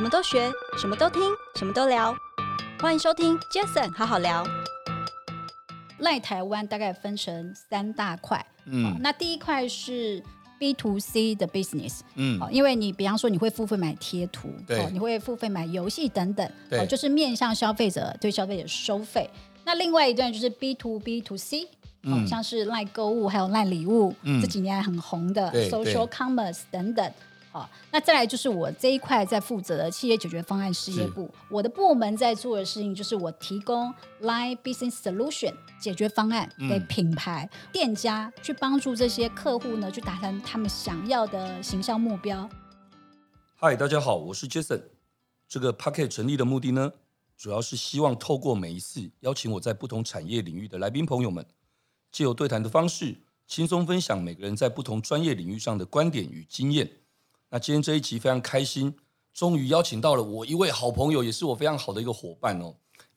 什麼都學，什麼都聽，什麼都聊。歡迎收聽 Jason 好好聊。LINE 台灣大概分成三大塊。嗯、哦，那第一塊是 B to C 的 business。嗯，因為你比方說你會付費買貼圖，對、哦，你會付費買遊戲等等，對、哦，就是面向消費者，對消費者收費。對那另外一段就是 B to B to C，嗯、哦，像是 LINE 購物還有 LINE 禮物，嗯、這幾年還很紅的 social commerce 等等。對對。好，那再來就是我這一塊在負責的企業解決方案事業部。是我的部門在做的事情就是我提供 LINE Business Solution 解決方案給品牌、嗯、店家，去幫助這些客戶呢，去達成他們想要的行銷目標。Hi，大家好，我是 Jason。這個 Podcast 成立的目的呢，主要是希望透過每一次邀請我在不同產業領域的來賓朋友們，借由對談的方式，輕鬆分享每個人在不同專業領域上的觀點與經驗。那今天這一集非常開心，終於邀請到了我一位好朋友，也是我非常好的一個夥伴哦。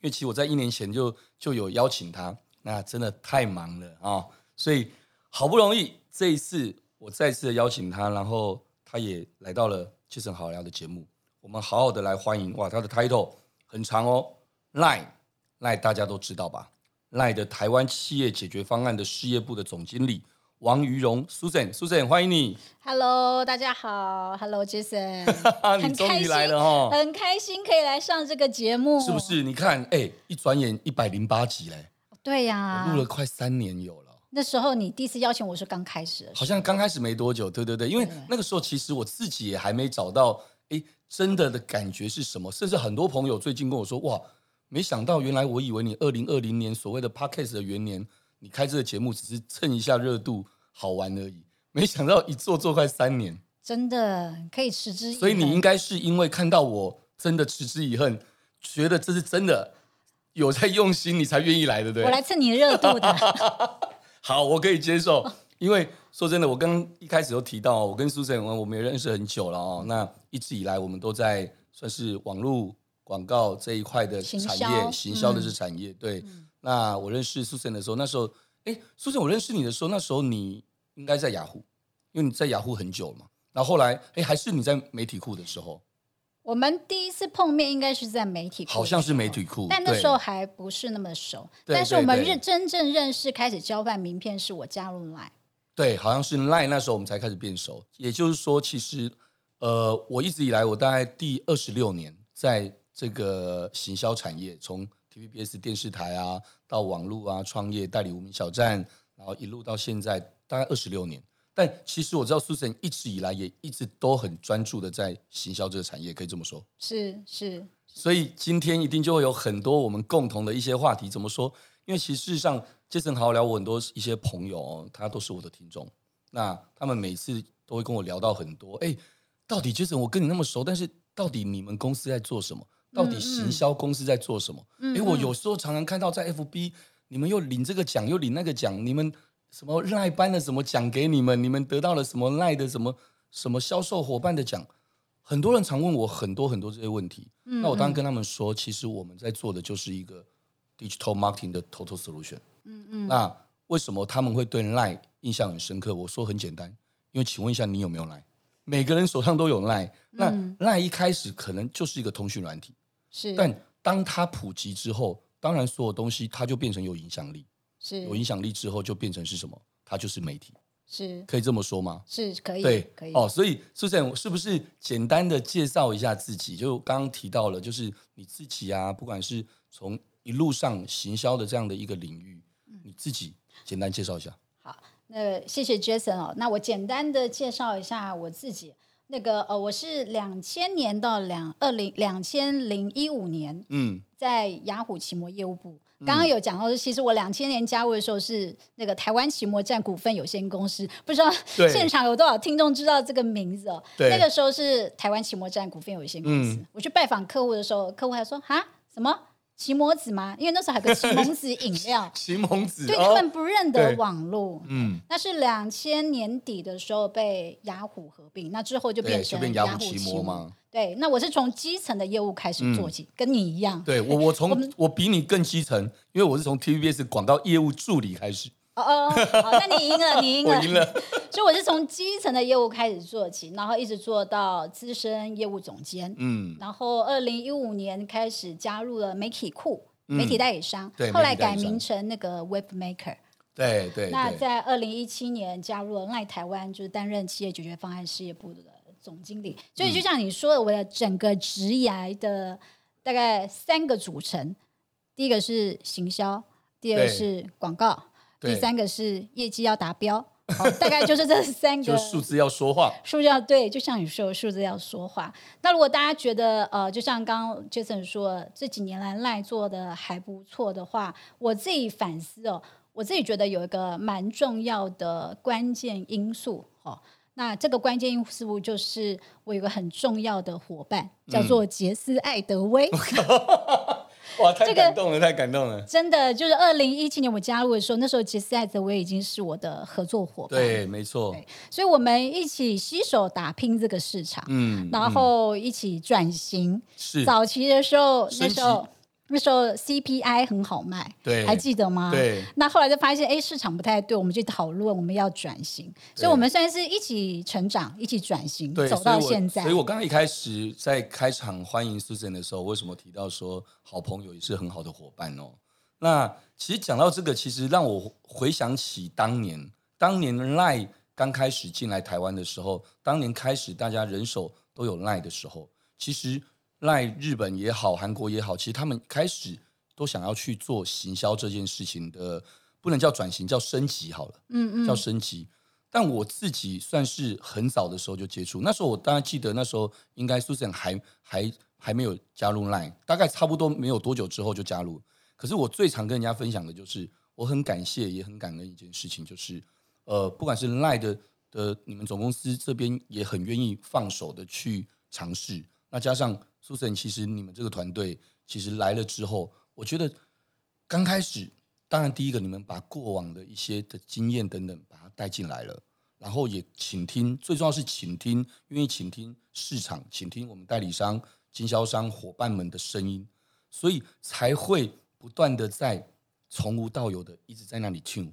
因為其實我在一年前就就有邀請她，那真的太忙了啊、哦，所以好不容易這一次我再次邀請她，然後她也來到了《趣生好聊》的節目，我們好好的來歡迎哇！她的 title 很長哦，LINE，LINE 大家都知道吧？LINE 的台灣企業解決方案的事業部的總經理。王俞蓉，Susan，Susan，Susan，歡迎你。Hello，大家好。Hello，Jason， 你終於來了哦，很開， 很開心可以來上這個節目，是不是？你看，哎，一轉眼一百零八集嘞。對呀、啊，我錄了快三年有了。那時候你第一次邀請我是剛開始，好像剛開始沒多久，對對對，對，因為對對那個時候其實我自己也還沒找到，哎，真的的感覺是什麼？甚至很多朋友最近跟我說，哇，沒想到原來我以為你二零二零年所謂的 Podcast 的元年，你開這個節目只是蹭一下熱度。好玩而已，沒想到一做做快三年，真的可以持之以。所以你應該是因為看到我真的持之以恆，覺得這是真的有在用心，你才願意來的，對不我來蹭你熱度的。 好，我可以接受。 因為說真的，我剛一開始都提到，我跟蘇 s usan, 我們我們也認識很久了，喔，那一直以來，我們都在算是網絡廣告這一塊的產業，行銷、嗯，的是產業。對，嗯、那我認識蘇 n 的時候，那時候。哎，Susan、欸，我認識你的時候，那時候你應該在雅虎，因為你在雅虎很久了嘛。然後後來，哎、欸，還是你在媒體庫的時候。我們第一次碰面應該是在媒體庫，好像是媒體庫，但那時候還不是那麼熟。對但是我們認真正認識，對對對，開始交換名片，是我加入 Line，對，好像是 Line，那時候我們才開始變熟。也就是說，其實呃，我一直以來，我大概第二十六年在這個行銷產業從。從 T V B S 電視台啊，到網絡啊，創業代理無名小站，然後一路到現在大概二十六年。但其實我知道 Susan 一直以來也一直都很專注的在行銷這個產業，可以這麼說。是是，是是，所以今天一定就會有很多我們共同的一些話題。怎麼說？因為其實事實上 Jason 好好聊我很多一些朋友哦，他都是我的聽眾。那他們每次都會跟我聊到很多，誒，到底 Jason 我跟你那麼熟，但是到底你們公司在做什麼？到底行銷公司在做什麼？因為、嗯嗯欸、我有時候常常看到在 FB、嗯嗯、你們又領這個獎，又領那個獎，你們什麼 LINE 頒的什麼獎給你們？你們得到了什麼 LINE 的什麼什麼銷售夥伴的獎？很多人常問我很多很多這些問題。嗯嗯，那我當時跟他們說，其實我們在做的就是一個 digital marketing 的 total solution。嗯嗯。那為什麼他們會對 LINE 印象很深刻？我說很簡單，因為請問一下你有沒有 LINE？每個人手上都有 LINE。那 LINE 一開始可能就是一個通訊軟體。是，但當它普及之後，當然所有東西它就變成有影響力。是，有影響力之後就變成是什麼？它就是媒體。是，可以這麼說嗎？是可以，對，可以。對可以哦，所以 Susan 是不是簡單的介紹一下自己？就剛剛提到了，就是你自己啊，不管是從一路上行銷的這樣的一個領域，嗯、你自己簡單介紹一下。好，那謝謝 Jason 哦。那我簡單的介紹一下我自己。那個呃、哦，我是兩千年到兩二零兩千零一五年，嗯，在雅虎奇摩業務部。嗯、剛剛有講到說，其實我兩千年加入的時候是那個台灣奇摩站股份有限公司，不知道對現場有多少聽眾知道這個名字哦。對那個時候是台灣奇摩站股份有限公司，嗯、我去拜訪客戶的時候，客戶還說哈，什麼。.奇摩子嗎？因為那時候還有個奇摩子飲料。 奇摩子。對，他們不認得網絡。嗯。那是兩千年底的時候被雅虎合併，那之後就變成就變雅虎，雅虎奇摩。奇摩嘛。對，那我是從基層的業務開始做起，嗯、跟你一樣。對，我我從我，們我比你更基層，因為我是從 TVBS 廣告業務助理開始。哦哦，好，那你贏了，你贏了。贏了 所以我是從基層的業務開始做起，然後一直做到資深業務總監。嗯，然後二零一五年開始加入了媒體庫、嗯、媒體代理商，對後來改名成那個 Web Maker 對。對對。那在二零一七年加入了 LINE 台灣，就是擔任企業解決方案事業部的總經理。嗯、所以就像你說的，我的整個職業的大概三個組成：第一個是行銷，第二個是廣告。對，第三個是業績要達標， 哦、大概就是這三個。就是數字要說話。數字要對，就像你說的，數字要說話。那如果大家覺得呃，就像剛 Jason 說，這幾年來賴做的還不錯的話，我自己反思哦，我自己覺得有一個蠻重要的關鍵因素、哦、那這個關鍵因素就是我有一個很重要的夥伴，叫做傑思愛德威。嗯 哇，太感動了，這個、太感動了！真的，就是二零一七年我加入的時候，那時候其實 s s e 我也已經是我的合作夥伴，對，沒錯，所以我們一起攜手打拼這個市場，嗯、然後一起轉型，是、嗯、早期的時候，是那時候。那時候 CPI 很好賣，對還記得嗎？對那後來就發現，哎、欸，市場不太對，我們就討論我們要轉型，對所以我們算是一起成長、一起轉型，對走到現在。所以我剛剛一開始在開場歡迎 Susan 的時候，為什麼提到說好朋友也是很好的伙伴哦？那其實講到這個，其實讓我回想起當年，當年 Line 剛開始進來台灣的時候，當年開始大家人手都有 Line 的時候，其實。LINE 日本也好，韓國也好，其實他們一開始都想要去做行銷這件事情的，不能叫轉型，叫升級好了。嗯嗯，叫升級。但我自己算是很早的時候就接觸，那時候我當然記得，那時候應該 Susan 還還還沒有加入 LINE，大概差不多沒有多久之後就加入了。可是我最常跟人家分享的就是，我很感謝，也很感恩一件事情，就是呃，不管是 LINE 的的你們總公司這邊也很願意放手的去嘗試，那加上。蘇 u 其實你們這個團隊其實來了之後，我覺得剛開始，當然第一個你們把過往的一些的經驗等等把它帶進來了，然後也傾聽，最重要是傾聽，因為傾聽市場、傾聽我們代理商、經銷商夥伴們的聲音，所以才會不斷的在從無到有的一直在那裡聽，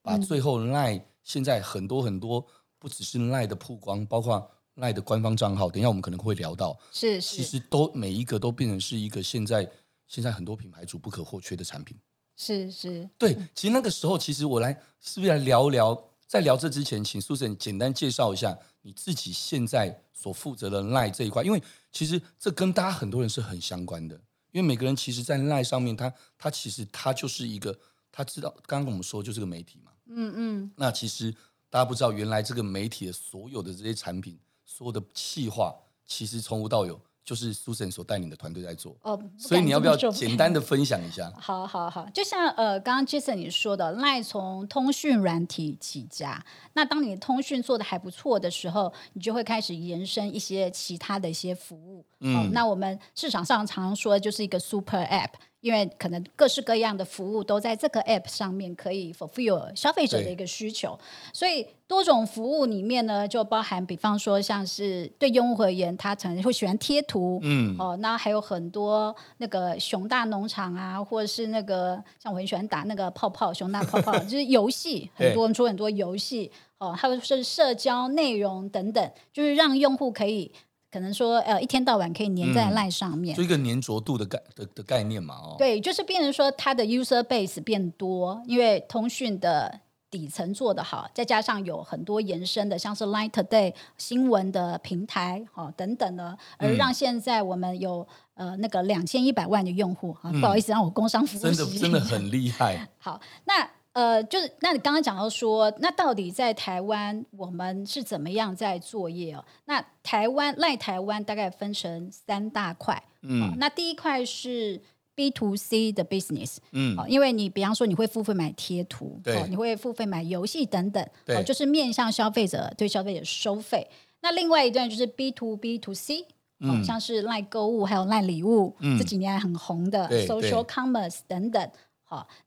把最後賴、嗯、現在很多很多不只是賴的曝光，包括。LINE 的官方賬號，等一下我們可能會聊到。是是，其實都每一個都變成是一個現在現在很多品牌主不可或缺的產品。是是，對。其實那個時候，其實我來是不是來聊聊？在聊這之前，請 Susan 簡單介紹一下你自己現在所負責的 LINE 這一塊，因為其實這跟大家很多人是很相關的。因為每個人其實，在 LINE 上面他，他他其實他就是一個，他知道剛剛我們說就是個媒體嘛。嗯嗯。那其實大家不知道，原來這個媒體的所有的這些產品。說的氣話，其實從無到有，就是 Susan 所帶領的團隊在做。哦，所以你要不要簡單的分享一下？好，好，好，好，就像呃，剛剛 Jason 你說的，LINE 從通訊軟體起家，那當你通訊做得還不錯的時候，你就會開始延伸一些其他的一些服務。嗯、好，那我們市場上常、常說的就是一個 super app。因為可能各式各樣的服務都在這個 App 上面可以 fulfill 消費者的一個需求對，所以多種服務裡面呢，就包含比方說像是對用戶而言，他可能會喜歡貼圖，嗯，哦，那還有很多那個熊大農場啊，或者是那個像我很喜歡打那個泡泡熊大泡泡， 就是遊戲，很多對出很多遊戲，哦，還有是社交內容等等，就是讓用戶可以。可能說，呃，一天到晚可以粘在 Line 上面、嗯，就一個粘着度的概的的概念嘛，哦，對，就是變成說它的 user base 變多，因為通訊的底層做得好，再加上有很多延伸的，像是 Line Today 新聞的平台、哦，等等的，而讓現在我們有、嗯、呃那個兩千一百萬的用戶、啊，不好意思，讓我工商服務、嗯、真的真的很厲害。 好，那。呃，就是那你剛剛講到說，那到底在台灣我們是怎麼樣在作業哦？那台灣 LINE 台灣大概分成三大塊，嗯、哦，那第一塊是 B to C 的 business，嗯、哦，因為你比方說你會付費買貼圖，對、哦，你會付費買遊戲等等，對、哦，就是面向消費者對消費者收費。那另外一段就是 B to B to C、哦、嗯，像是 LINE 購物還有 LINE 禮物，嗯，這幾年還很紅的 social commerce 等等。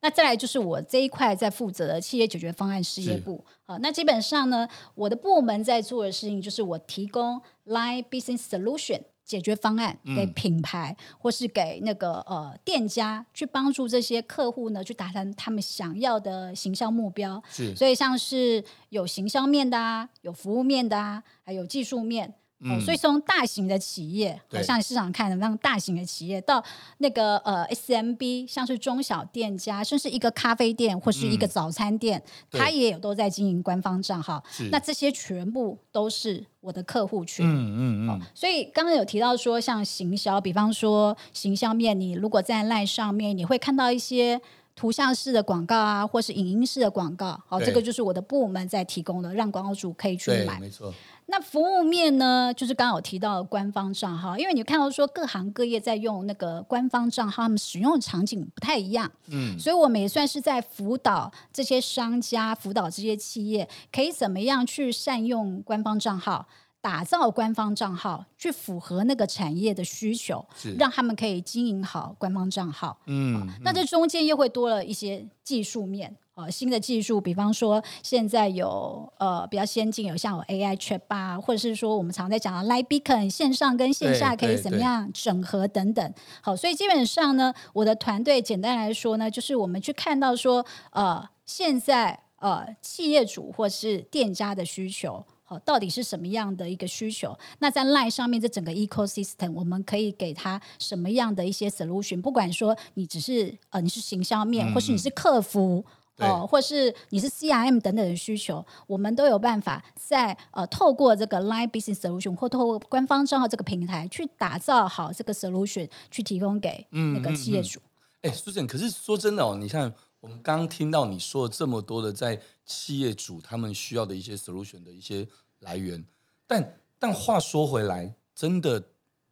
那再來就是我這一塊在負責的企業解決方案事業部是。好，那基本上呢，我的部門在做的事情就是我提供 LINE Business Solution 解決方案給品牌，嗯、或是給那個呃店家，去幫助這些客戶呢去達成他們想要的行銷目標。是，所以像是有行銷面的啊，有服務面的啊，還有技術面。嗯哦、所以從大型的企業，呃、像市場看的那個、大型的企業，對到那個呃 SMB，像是中小店家，甚至一個咖啡店或是一個早餐店，它、嗯、也有都在經營官方賬號。對那這些全部都是我的客戶群。是嗯嗯嗯、哦。所以剛剛有提到說，像行銷，比方說行銷面，你如果在 LINE 上面，你會看到一些。圖像式的廣告啊，或是影音式的廣告，好對，這個就是我的部門在提供的，讓廣告主可以去買。沒錯。那服務面呢，就是剛好提到的官方賬號，因為你看到說各行各業在用那個官方賬號，他們使用的場景不太一樣。嗯。所以我們也算是在輔導這些商家，輔導這些企業，可以怎麼樣去善用官方賬號。打造官方賬號，去符合那個產業的需求，是讓他們可以經營好官方賬號。嗯、呃，那這中間又會多了一些技術面，呃，新的技術，比方說現在有呃比較先進，有像有 AI chatbot 或者是說我們常在講的 LINE Beacon 線上跟線下可以怎麼樣整合等等。好，所以基本上呢，我的團隊簡單來說呢，就是我們去看到說，呃，現在呃企業主或是店家的需求。到底是什麼樣的一個需求？那在 LINE 上面，這整個 ecosystem，我們可以給他什麼樣的一些 solution？不管說你只是呃你是行銷面，或是你是客服，哦，或是你是 CRM 等等的需求，我們都有辦法在呃透過這個 LINE business solution，或透過官方賬號這個平台去打造好這個 solution，去提供給那個企業主。哎，Susan，可是說真的哦，你看。我們剛剛聽到你說了這麼多的，在企業主他們需要的一些 solution 的一些來源，但，但但話說回來，真的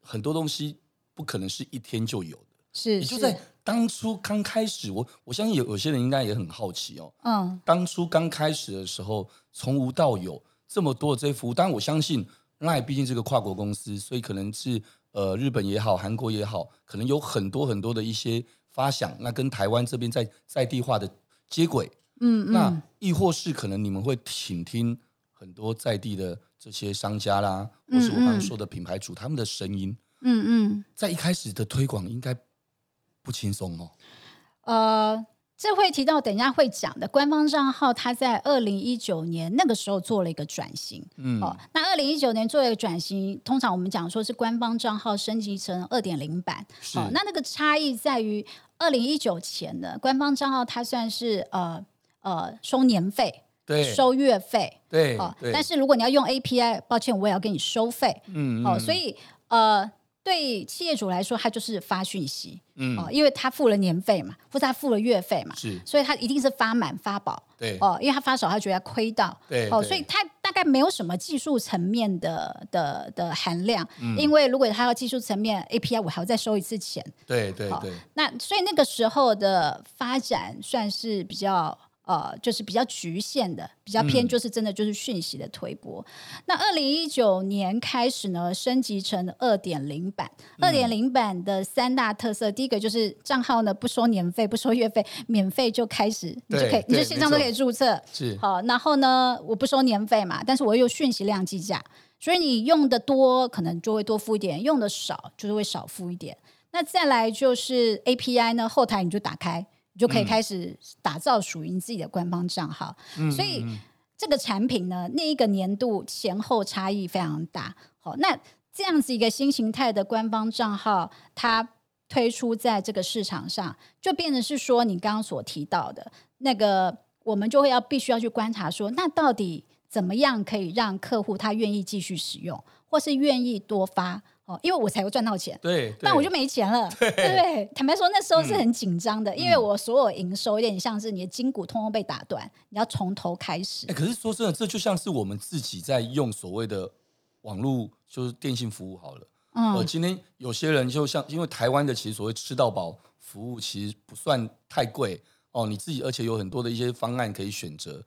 很多東西不可能是一天就有的。是，也就在當初剛開始，是我我相信有有些人應該也很好奇哦。嗯，當初剛開始的時候，從無到有這麼多的這服務，但我相信 LINE，畢竟是個跨國公司，所以可能是呃日本也好，韓國也好，可能有很多很多的一些。發想，那跟台灣這邊在在地化的接軌，嗯嗯，那亦或是可能你們會請聽很多在地的這些商家啦，嗯嗯，或是我剛剛說的品牌主、嗯嗯、他們的聲音，嗯嗯，在一開始的推廣應該不輕鬆哦。呃，這會提到，等一下會講的。官方賬號它在二零一九年那個時候做了一個轉型，嗯，哦，那二零一九年做了一個轉型，通常我們講說是官方賬號升級成二點零版，是哦，那那個差異在於。二零一九前的官方賬號，它算是呃呃收年費，對，收月費，對，哦，對，但是如果你要用 API，抱歉，我也要給你收費，嗯，哦，所以呃，對企業主來說，他就是發訊息，嗯，哦，因為他付了年費嘛，或者他付了月費嘛，是，所以他一定是發滿發飽，對，哦，因為他發少，他覺得他虧到，對，哦，所以他。但沒有什麼技術層面的的的含量，嗯，因為如果他要技術層面 API，我還要再收一次錢。對對對，哦，那所以那個時候的發展算是比較。呃，就是比較局限的，比較偏，就是真的就是訊息的推播。嗯、那二零一九年開始呢，升級成二點零版。二點零版的三大特色，第一個就是賬號呢不收年費，不收月費，免費就開始，你就可以，你就線上都可以註冊。是好，然後呢，我不收年費嘛，但是我又有訊息量計價，所以你用的多可能就會多付一點，用的少就是會少付一點。那再來就是 API 呢，後台你就打開。就可以開始打造屬於自己的官方賬號，所以這個產品呢，那一個年度前後差異非常大。好，那這樣子一個新形態的官方賬號，它推出在這個市場上，就變成是說，你剛剛所提到的那個，我們就會要必須要去觀察，說那到底怎麼樣可以讓客戶他願意繼續使用，或是願意多發？哦，因為我才會賺到錢，對，對那我就沒錢了，對，對不對？坦白說，那時候是很緊張的，嗯、因為我所有營收有點像是你的筋骨通通被打斷，你要從頭開始。哎、欸，可是說真的，這就像是我們自己在用所謂的網絡，就是電信服務好了。嗯，我、呃、今天有些人就像，因為台灣的其實所謂吃到飽服務其實不算太貴哦，你自己而且有很多的一些方案可以選擇。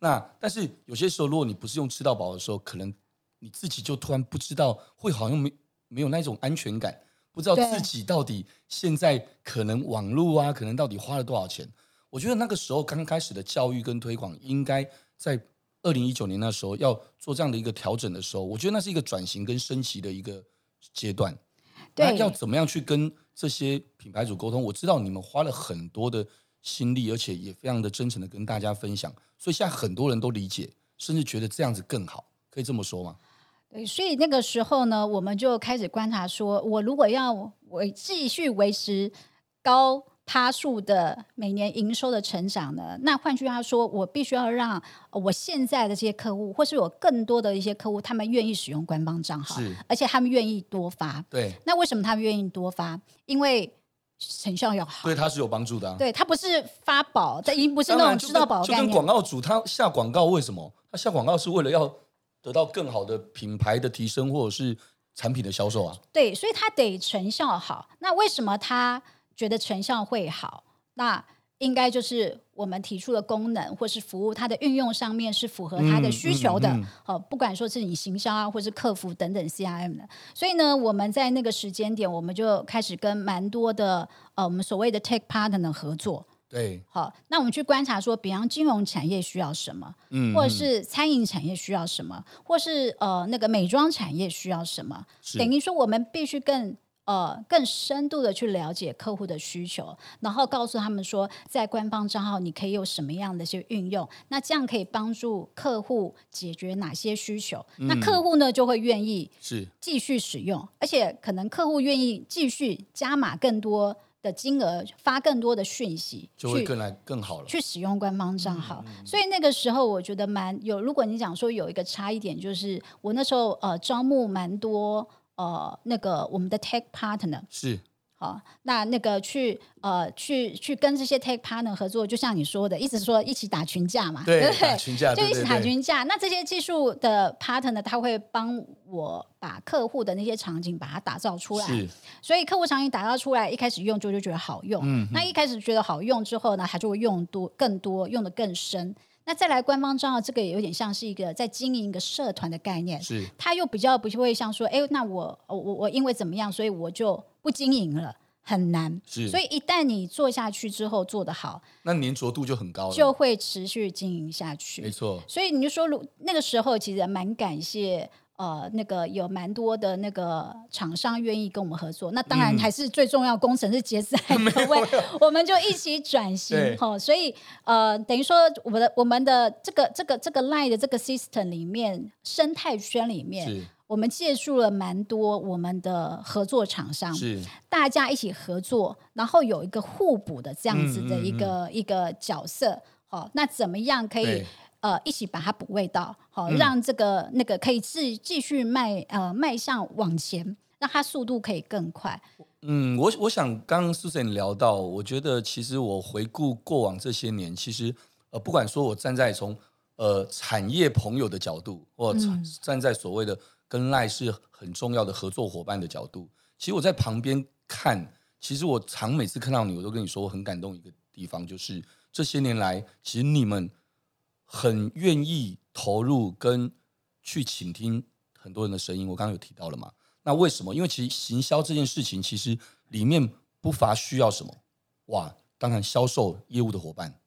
那但是有些時候，如果你不是用吃到飽的時候，可能你自己就突然不知道會好像沒。沒有那種安全感，不知道自己到底現在可能網路啊，對可能到底花了多少錢。我覺得那個時候剛開始的教育跟推廣，應該在二零一九年那時候要做這樣的一個調整的時候，我覺得那是一個轉型跟升級的一個階段。對那要怎麼樣去跟這些品牌主溝通？我知道你們花了很多的心力，而且也非常的真誠的跟大家分享，所以現在很多人都理解，甚至覺得這樣子更好，可以這麼說嗎？所以那個時候呢，我們就開始觀察說，說我如果要維繼續維持高趴數的每年營收的成長呢，那換句話說，我必須要讓我現在的這些客戶，或是我更多的一些客戶，他們願意使用官方賬號是而且他們願意多發。對，那為什麼他們願意多發？因為成效要好，對他是有幫助的啊。對他不是發寶，他已經不是那種知道寶的概念。就跟、就跟廣告主他下廣告，為什麼他下廣告是為了要？得到更好的品牌的提升，或者是產品的銷售啊。對，所以他得成效好。那為什麼他覺得成效會好？那應該就是我們提出的功能或是服務，它的運用上面是符合他的需求的。嗯嗯嗯、哦，不管說是你行銷啊，或是客服等等 C R M 的。所以呢，我們在那個時間點，我們就開始跟蠻多的呃，我們所謂的 tech partner 合作。Hey. 好，那我們去觀察說，比方金融產業需要什麼，嗯、或者是餐飲產業需要什麼，或是呃那個美妝產業需要什麼，是等於說我們必須更呃更深度的去了解客戶的需求，然後告訴他們說，在官方賬號你可以有什麼樣的一些運用，那這樣可以幫助客戶解決哪些需求，嗯、那客戶呢就會願意是繼續使用，是而且可能客戶願意繼續加碼更多。的金額發更多的訊息，就會更來更好了。去使用官方賬號，嗯嗯，所以那個時候我覺得蠻有。如果你講說有一個差異點，就是我那時候呃招募蠻多呃那個我們的 Tech Partner 是。那那個去呃去去跟這些 tech partner 合作，就像你說的，一直說一起打群架嘛，對，對不對？群架就一起打群架。對對對對，那這些技術的 partner 呢，他會幫我把客戶的那些場景把它打造出來。是，所以客戶場景打造出來，一開始用就就覺得好用。嗯哼，那一開始覺得好用之後呢，他就會用多更多，用得更深。那再來官方賬號，這個也有點像是一個在經營一個社團的概念。是，他又比較不會像說，哎，那我我我因為怎麼樣，所以我就。不經營了很難，是所以一旦你做下去之後做得好，那粘着度就很高了，就會持續經營下去。沒錯，所以你就說，如那個時候其實蠻感謝呃那個有蠻多的那個廠商願意跟我們合作，那當然還是最重要的工程是傑思愛德威，各位、嗯、 有我們就一起轉型。 對哦、所以呃等於說我們的我們的這個這個這個 LINE 的這個 system 裡面生態圈裡面。我們借助了蠻多我們的合作廠商，是大家一起合作，然後有一個互補的這樣子的一個、嗯嗯嗯、一個角色。好、哦，那怎麼樣可以對呃一起把它補位到？好、哦，讓這個、嗯、那個可以繼繼續邁呃邁向往前，讓它速度可以更快。嗯，我我想剛剛 Susan 你聊到，我覺得其實我回顧過往這些年，其實呃不管說我站在從呃產業朋友的角度，或、呃嗯、站在所謂的。跟 LINE 是很重要的合作夥伴的角度。其實我在旁邊看，其實我常每次看到你，我都跟你說我很感動。一個地方就是這些年來，其實你們很願意投入跟去傾聽很多人的聲音。我剛剛有提到了嘛。那為什麼？因為其實行銷這件事情，其實裡面不乏需要什麼？哇，當然，銷售業務的夥伴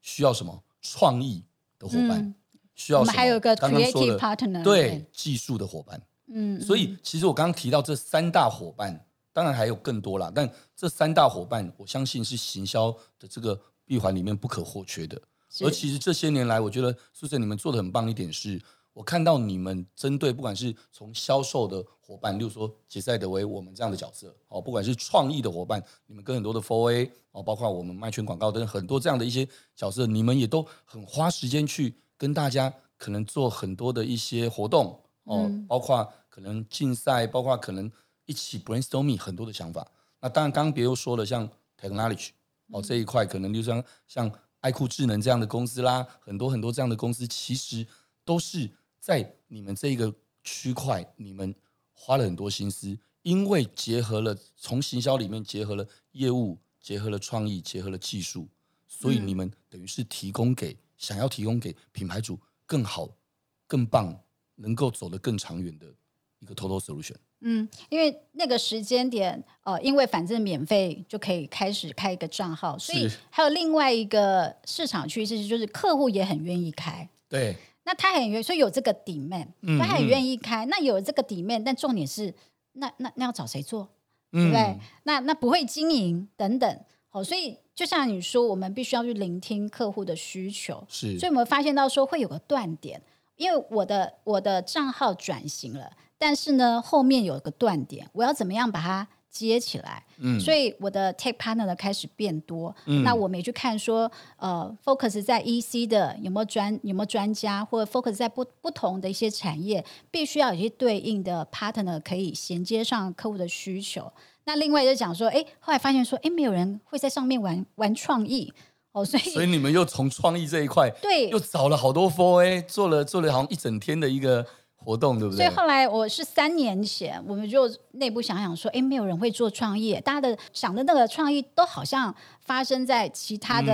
需要什麼？創意的夥伴。嗯需要我們還有個 creative partner，對技術的夥伴。嗯，所以其實我剛剛提到這三大夥伴，當然還有更多了。但這三大夥伴，我相信是行銷的這個閉環裡面不可或缺的。而其實這些年來，我覺得 Susan 你們做的很棒一點是，我看到你們針對不管是從銷售的夥伴，例如說傑思愛德威我們這樣的角色，哦，不管是創意的伙伴，你們跟很多的 4A 哦，包括我們麥圈廣告等很多這樣的一些角色，你們也都很花時間去。跟大家可能做很多的一些活動、嗯、哦，包括可能競賽，包括可能一起 brainstorming 很多的想法。那當然，剛剛別又說了，像 technology 哦、嗯、這一塊，可能就像像愛酷智能這樣的公司啦，很多很多這樣的公司，其實都是在你們這一個區塊，你們花了很多心思，因為結合了從行銷裡面結合了業務，結合了創意，結合了技術，所以你們等於是提供給。嗯想要提供給品牌主更好、更棒、能夠走得更長遠的一個 total solution。嗯，因為那個時間點，呃，因為反正免費就可以開始開一個賬號，所以還有另外一個市場趨勢就是客戶也很願意開。對，那他很願意，所以有這個 demand、嗯，他很願意開。嗯、那有這個 demand，但重點是，那那那要找誰做？嗯、對不對？那那不會經營等等，哦，所以。就像你說，我們必須要去聆聽客戶的需求，是。所以我們發現到說會有個斷點，因為我的我的賬號轉型了，但是呢，後面有個斷點，我要怎麼樣把它接起來？嗯、所以我的 tech partner 開始變多。嗯、那我們也去看說，呃，focus 在 EC 的有沒有專有沒有專家，或者 focus 在不不同的一些產業，必須要有些對應的 partner 可以銜接上客戶的需求。那另外就講說，哎，後來發現說，哎，沒有人會在上面玩玩創意哦，所以所以你們又從創意這一塊對，又找了好多 4A，做了做了好像一整天的一個活動，對不對？所以後來我是三年前，我們就內部想想說，哎，沒有人會做創意，大家的想的那個創意都好像發生在其他的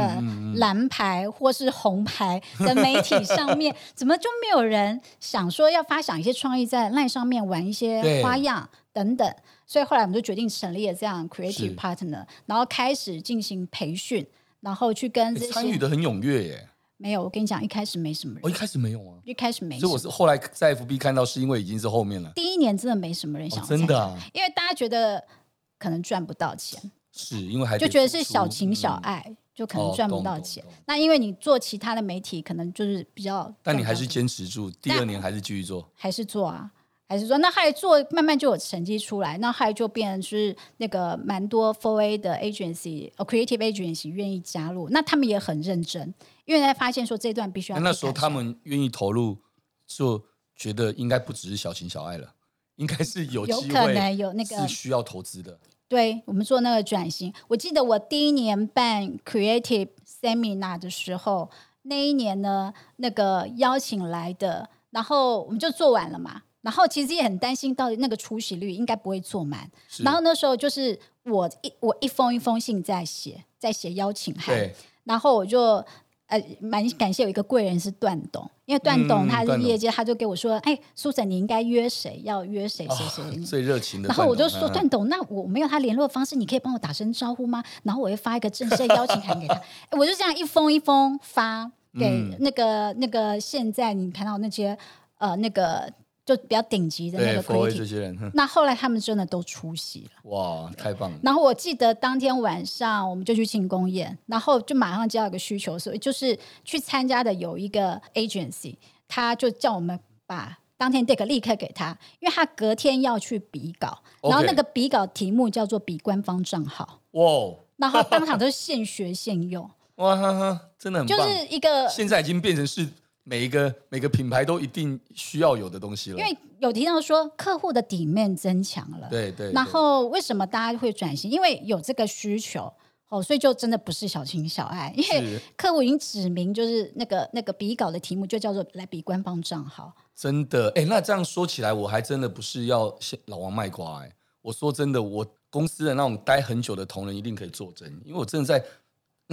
藍牌或是紅牌的媒體上面， 怎麼就沒有人想說要發想一些創意在 LINE 上面玩一些花樣？等等，所以後來我們就決定成立了這樣 creative partner，是然後開始進行培訓，然後去跟這些參與得很踴躍耶。沒有，我跟你講，一開始沒什麼人。我、哦、一開始沒有啊。一開始沒。所以我是後來在 FB 看到，是因為已經是後面了。第一年真的沒什麼人想、哦、真的、啊，因為大家覺得可能賺不到錢，是因為還就覺得是小情小愛，嗯、就可能賺不到錢。哦、那因為你做其他的媒體，可能就是比較，但你還是堅持住，第二年還是繼續做，還是做啊。還是說，那後來做慢慢就有成績出來，那後來就變成就是那個蠻多 Four A 的 agency，哦、creative agency 願意加入，那他們也很認真，因為他發現說這段必須要。那時候他們願意投入，就覺得應該不只是小情小愛了，應該是有有可能有那個需要投資的。那個、對我們做那個轉型，我記得我第一年辦 creative seminar 的時候，那一年呢，那個邀請來的，然後我們就做完了嘛。然後其實也很擔心，到底那個出席率應該不會坐滿。是然後那時候就是我一我一封一封信在寫，在寫邀請函。對然後我就呃蠻感謝有一個貴人是段董，因為段董他是業界，他就給我說：“嗯、哎，Susan，你應該約誰？要約誰？誰誰？”最熱情的。然後我就說：“段董，段董，那我沒有他聯絡的方式，你可以幫我打聲招呼嗎？”然後我會發一個正式邀請函給他、 哎。我就這樣一封一封發給、嗯、那個那個現在你看到那些呃那個。就比較頂級的那個 creative 那後來他們真的都出席了，哇，太棒了！然後我記得當天晚上我們就去慶功宴，然後就馬上接到一個需求，所以就是去參加的有一個 agency，他就叫我們把當天 deck 立刻給他，因為他隔天要去比稿，Okay 然後那個比稿題目叫做比官方賬號，哇 Wow！然後當場就是現學現用， 哇哈哈，真的很棒就是一個現在已經變成是。每一個每個品牌都一定需要有的東西了，因為有提到說客戶的底面增強了，對，對對。然後為什麼大家會轉型？因為有這個需求哦，所以就真的不是小情小愛，是因為客戶已經指明，就是那個那個比稿的題目就叫做 LINE 官方賬號。真的，哎、欸，那這樣說起來，我還真的不是要老王賣瓜、欸，哎，我說真的，我公司的那種待很久的同仁一定可以作證，因為我真的在。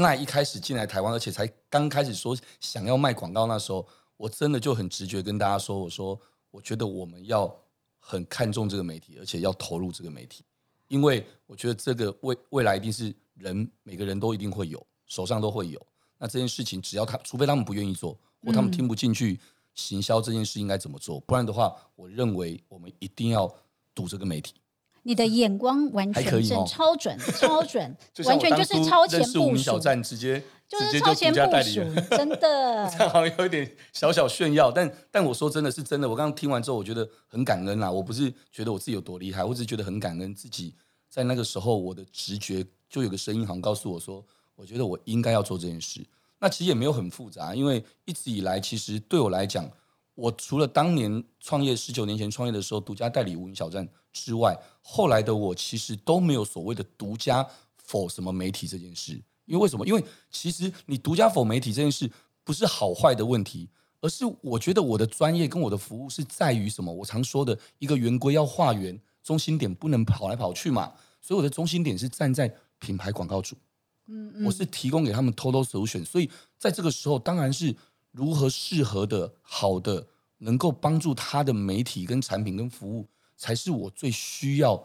那一開始進來台灣，而且才剛開始說想要賣廣告那時候，我真的就很直覺跟大家說，我說我覺得我們要很看重這個媒體，而且要投入這個媒體，因為我覺得這個未未來一定是人，每個人都一定會有，手上都會有，那這件事情只要他，除非他們不願意做或他們聽不進去行銷這件事應該怎麼做，嗯、不然的話，我認為我們一定要賭這個媒體。你的眼光完全超準，超準，完全 就，就是超前部署。認識我們小站直接就是超前部署，真的。 這好像有一點小小炫耀，但但我說真的是真的。我剛剛聽完之後，我覺得很感恩啦。我不是覺得我自己有多厲害，我只是覺得很感恩自己在那個時候，我的直覺就有個聲音好像告訴我說，我覺得我應該要做這件事。那其實也沒有很複雜，因為一直以來，其實對我來講。我除了當年創業十九年前創業的時候獨家代理無名小站之外，後來的我其實都沒有所謂的獨家否什麼媒體這件事。因為為什麼？因為其實你獨家否媒體這件事不是好壞的問題，而是我覺得我的專業跟我的服務是在於什麼？我常說的一個圓規要畫圓，中心點不能跑來跑去嘛。所以我的中心點是站在品牌廣告主，嗯，我是提供給他們 Total Solution。所以在這個時候，當然是。如何適合的、好的、能夠幫助他的媒體跟產品跟服務，才是我最需要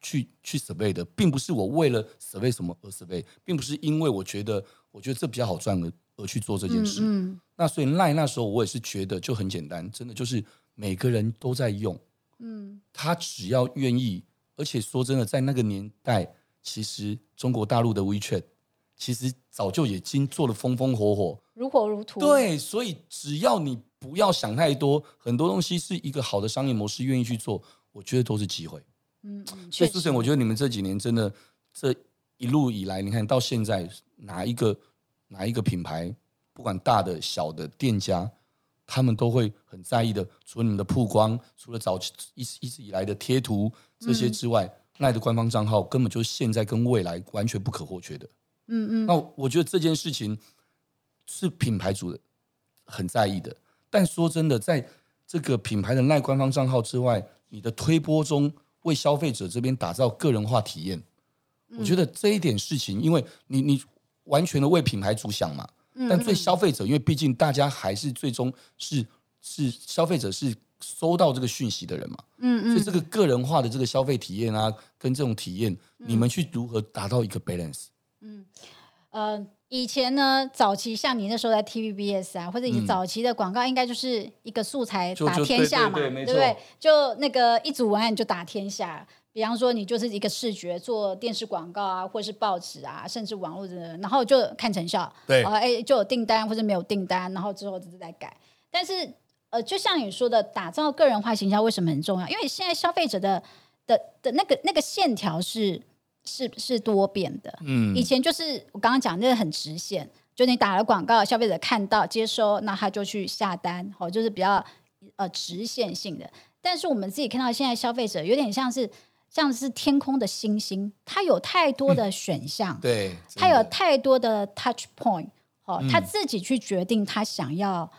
去去 survey 的，並不是我為了 survey 什麼而 survey，並不是因為我覺得我覺得這比較好賺而而去做這件事。嗯，嗯那所以 LINE 那時候我也是覺得就很簡單，真的就是每個人都在用。嗯，他只要願意，而且說真的，在那個年代，其實中國大陸的 WeChat 其實早就已經做的風風火火，如火如荼。對，所以只要你不要想太多，很多東西是一個好的商業模式願意去做，我覺得都是機會。嗯，確實。所以 Susan 我覺得你們這幾年真的這一路以來，你看到現在哪一個哪一個品牌，不管大的小的店家，他們都會很在意的。除了你們的曝光，除了早期一一,一直以來的貼圖這些之外，LINE、嗯、的官方賬號根本就是現在跟未來完全不可或缺的。嗯嗯，那我覺得這件事情是品牌主的很在意的。但說真的，在這個品牌的 LINE 官方賬號之外，你的推播中為消費者這邊打造個人化體驗，嗯、我覺得這一點事情，因為你你完全的為品牌主想嘛。嗯嗯嗯，但最消費者，因為畢竟大家還是最終是是消費者是收到這個訊息的人嘛。嗯，嗯，所以這個個人化的這個消費體驗啊，跟這種體驗，嗯、你們去如何達到一個 balance？嗯，呃，以前呢，早期像你那時候在 TVBS 啊，或者你早期的廣告，應該就是一個素材打天下嘛，就就對，對，對，對不對？沒錯。就那個一組文案就打天下，比方說你就是一個視覺做電視廣告啊，或是報紙啊，甚至網絡的，然後就看成效，對，哎、呃欸，就有訂單或者沒有訂單，然後之後就是在改。但是，呃，就像你說的，打造個人化行銷為什麼很重要？因為現在消費者的的的那個那個線條是，是是多變的，嗯，以前就是我剛剛講那個很直線，就你打了廣告，消費者看到接收，那他就去下單，好，就是比較呃直線性的。但是我們自己看到現在消費者有點像是像是天空的星星，他有太多的選項，嗯，對，他有太多的 touch point，哦，嗯，他自己去決定他想要。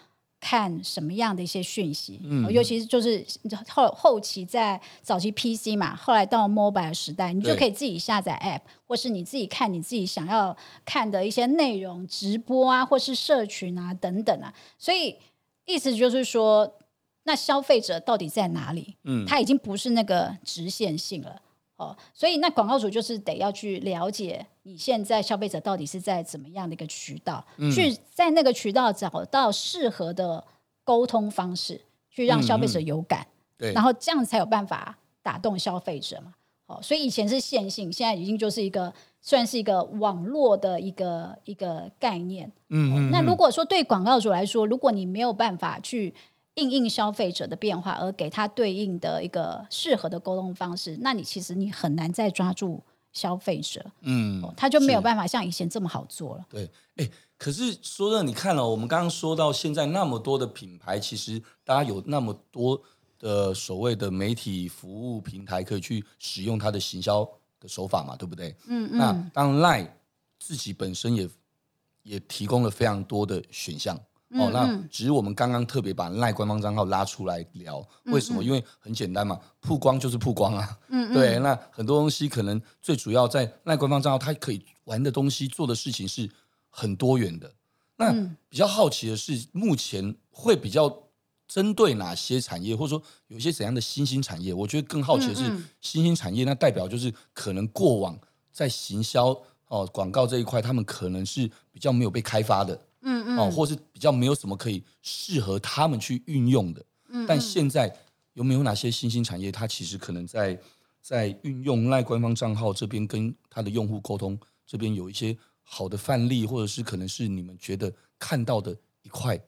看什麼樣的一些訊息，嗯、尤其是就是後後期在早期 PC 嘛，後來到 mobile 時代，你就可以自己下載 app，對或是你自己看你自己想要看的一些內容、直播啊，或是社群啊等等啊。所以意思就是說，那消費者到底在哪裡？它、嗯、他已經不是那個直線性了哦。所以那廣告主就是得要去了解。你現在消費者到底是在怎麼樣的一個渠道？嗯、去在那個渠道找到適合的溝通方式，嗯、去讓消費者有感。嗯嗯、對，然後這樣子才有辦法打動消費者嘛。哦，所以以前是線性，現在已經就是一個算是一個網絡的一個一個概念。哦、嗯，嗯、哦、那如果說對廣告主來說，如果你沒有辦法去應應消費者的變化，而給他對應的一個適合的溝通方式，那你其實你很難再抓住。消費者，嗯、哦，他就沒有辦法像以前這麼好做了。對，哎、欸，可是說的你看了，哦，我們剛剛說到現在那麼多的品牌，其實大家有那麼多的所謂的媒體服務平台可以去使用它的行銷的手法嘛，對不對？嗯嗯。那當然，Line 自己本身也也提供了非常多的選項。哦，那只是我們剛剛特別把 LINE 官方賬號拉出來聊，嗯嗯，為什麼？因為很簡單嘛，曝光就是曝光啊。嗯，嗯對，那很多東西可能最主要在 LINE 官方賬號，它可以玩的東西、做的事情是很多元的。那比較好奇的是，目前會比較針對哪些產業，或者說有些怎樣的新興產業？我覺得更好奇的是新興產業，那代表就是可能過往在行銷哦廣告這一塊，他們可能是比較沒有被開發的。嗯嗯，哦，或是比較沒有什麼可以適合他們去運用的，嗯，嗯，但現在有沒有哪些新興產業，它其實可能在在運用 LINE 官方賬號這邊跟他的用戶溝通，這邊有一些好的範例，或者是可能是你們覺得看到的一塊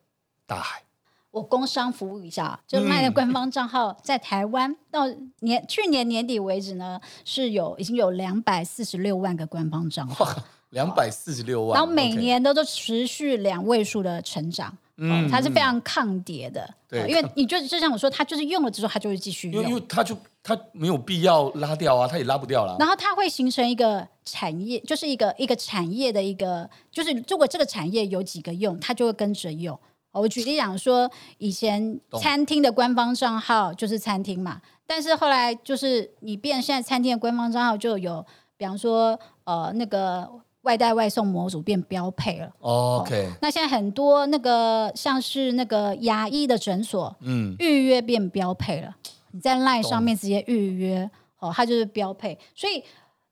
大海。我工商服務一下，就 LINE 官方賬號在台灣到年 去年年底為止呢，是有已經有兩百四十六萬個官方賬號。 兩百四十六萬，然後每年都都持續兩位數的成長，Okay 嗯，它是非常抗跌的，對，因為你就就像我說，它就是用了之後，它就會繼續用，因為它就它沒有必要拉掉啊，它也拉不掉了。然後它會形成一個產業，就是一個一個產業的一個，就是如果這個產業有幾個用，它就會跟着用。我舉例講說，以前餐廳的官方賬號就是餐廳嘛，但是後來就是你變現在餐廳的官方賬號就有，比方說呃那個。外帶外送模組變標配了。Oh, okay. 哦，那現在很多那個像是那個牙醫的診所，嗯，預約變標配了。你在 LINE 上面直接預約，懂了。哦，它就是標配。所以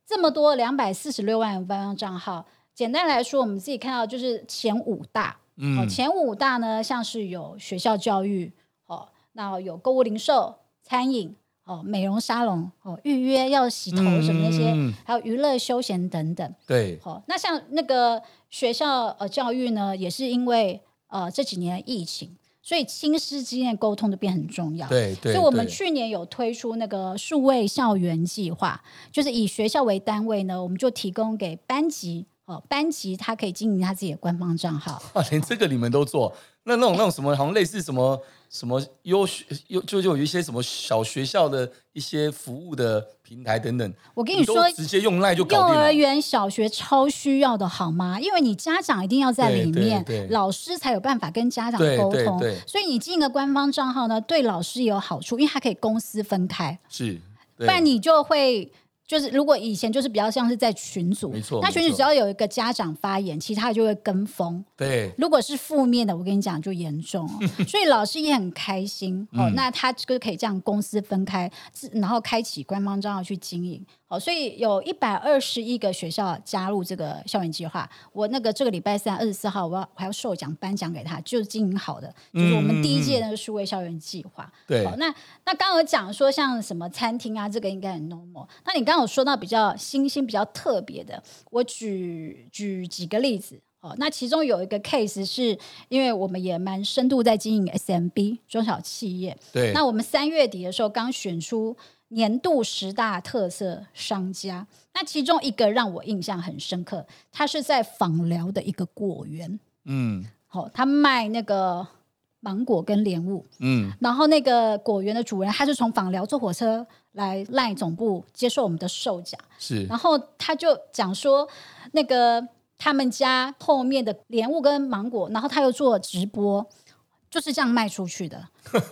這麼多兩百四十六萬官方賬號，簡單來說，我們自己看到就是前五大。嗯，哦，前五大呢，像是有學校教育，哦，那有購物零售、餐飲。哦，美容沙龍哦，預約要洗頭什麼那些，嗯、還有娛樂休閒等等。對，好、哦，那像那個學校呃教育呢，也是因為呃這幾年疫情，所以親師之間的溝通都變很重要。對對，對對，所以我們去年有推出那個數位校園計劃，就是以學校為單位呢，我們就提供給班級哦、呃，班級它可以經營他自己的官方賬號。哦、啊，連這個你們都做？嗯、那那種那種什麼，欸、好像類似什麼？什麼優學優就就有一些什麼小學校的一些服務的平台等等，我跟你說，你直接用賴就搞定了，幼兒園小學超需要的好嗎？因為你家長一定要在裡面，老師才有辦法跟家長溝通。所以你進一個官方賬號呢，對老師也有好處，因為它可以公私分開。是，不然你就會。就是如果以前就是比較像是在群組，沒錯錯，那群組只要有一個家長發言，錯其他就會跟風。對，如果是負面的，我跟你講就嚴重，哦。 所以老師也很開心哦，嗯、那他就可以這樣公私分開，然後開啟官方賬號去經營。所以有一百二十一個學校加入這個校園計劃。我那個這個禮拜三二十四號，我要還要授獎頒獎給他，就是經營好的，就是我們第一屆那個數位校園計劃。嗯、對，哦、那那剛剛講說像什麼餐廳啊，這個應該很 normal。那你剛剛有說到比較新興、比較特別的，我舉舉幾個例子。哦，那其中有一個 case 是因為我們也蠻深度在經營 SMB 中小企業。對，那我們三月底的時候剛選出。年度十大特色商家，那其中一個讓我印象很深刻，他是在枋寮的一個果園，嗯，好、哦，他賣那個芒果跟蓮霧，嗯，然後那個果園的主人，他是從枋寮坐火車來 LINE 總部接受我們的授獎，是，然後他就講說，那個他們家後面的蓮霧跟芒果，然後他又做直播，就是這樣賣出去的，